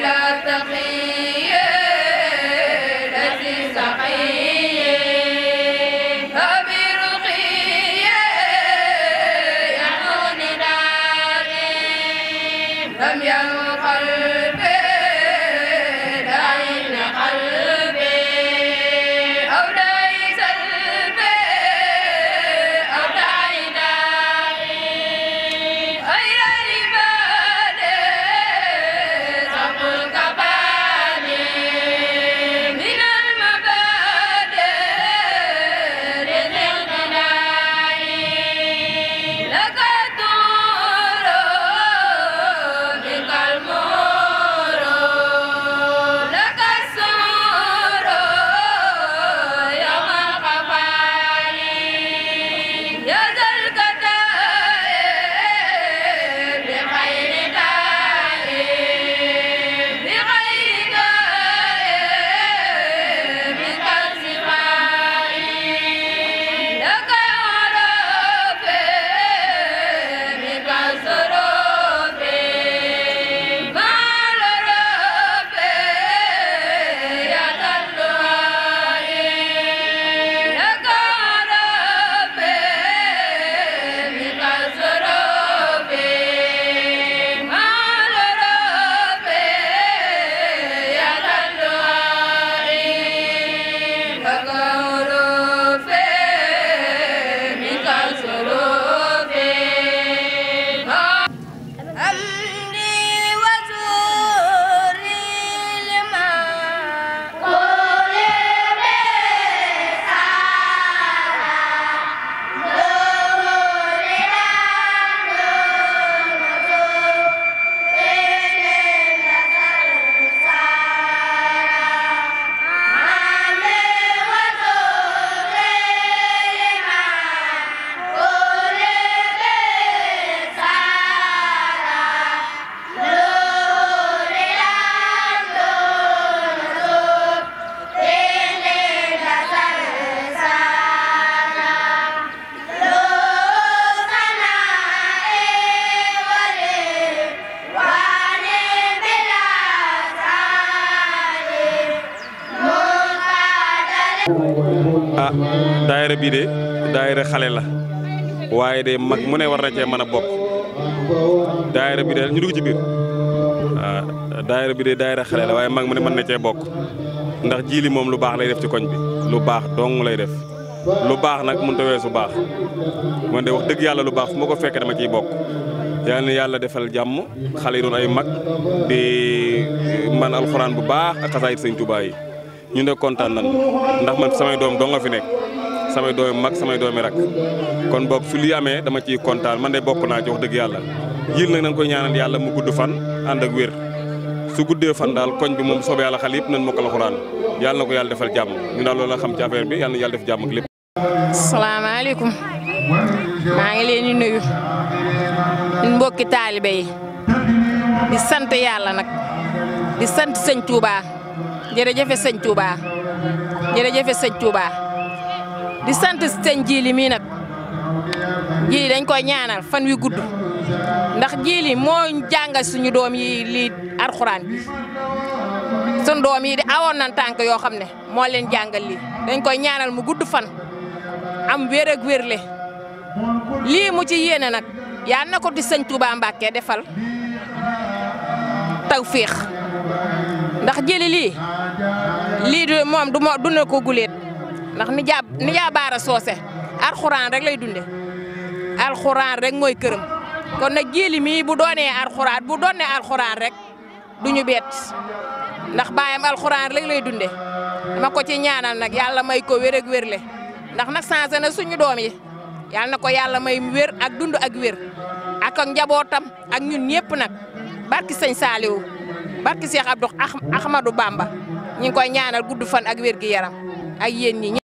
Love the ilatakhi bii de daayira xale la waaye de mag mu ne war na cee mën a bokk daayira bi de ñu dugg ci biir waaw ah, daayira bi de daayira xale la waaye mag mu ne mën na cee bokk ndax jiili moom lu baax lay def ci koñ bi lu baax dong lay def lu baax nag mënut a weesu baax man de wax dëgg yàlla lu baax fu ma ko fekke dama ciy bokk yal yàlla defal jàmm xale yi doon ay mag di man alxuraan bu baax ak xasaayit sëñ Tuubaa yi ñu ne kontaan nag ndax man samay doom doo nga fi nekk samay doomi mag samay doomi rak kon boog su lii amee dama ciy kontaan man de bokk naa ci wax dëgg yàlla yil nag nañ koy ñaanal yàlla mu gudd fan ànd ak wér su guddee fan daal koñ bi moom soobee yàlla xale yëpp nañ mokkal alxuraan yàlla na ko yàlla defal jàmm ñu daal loolu xam ci bi yàlla na yàlla def jàmm ak lépp salaamaaleykum maa ngi leen di nuyu ñun mbokki taalibe yi di sant yàlla nag di sant sëñ Touba jërëjëfe sëñ Touba jërëjëfe sëñ di sant sëñ Jili mii nag Jili dañ ko ñaanal fan wi gudd ndax Jili moo jàngal suñu doom yi lii arxuraan bi suñu doom yi di awoon nañ tànk yoo xam ne moo leen jàngal lii dañ koy ñaanal mu gudd fan am wér ak wérle lii mu ci yéene nag yaa na ko di sëñ Touba Mbacke defal tawféex ndax Jili lii lii du moom du ma du ko guleet ndax ni jaa ni jaa baara soose alxuraan rek lay dunde alxuraan rek mooy këram kon nag jéeli mii bu doonee alxuraan bu doonee alxuraan rek du ñu beet ndax baayam alxuraan rek lay dunde ma ko ci ñaanal nag yàlla may ko wér ak wérle ndax nag changé na suñu doom yi yàlla na ko yàlla may wér ak dund ak wér ak ak njabootam ak ñun ñëpp nag barki sëñ Saaliw barki Cheikh Abdou Ahmadou Bamba ñu ngi koy ñaanal gudd fan ak wér gi yaram ak yéen ñi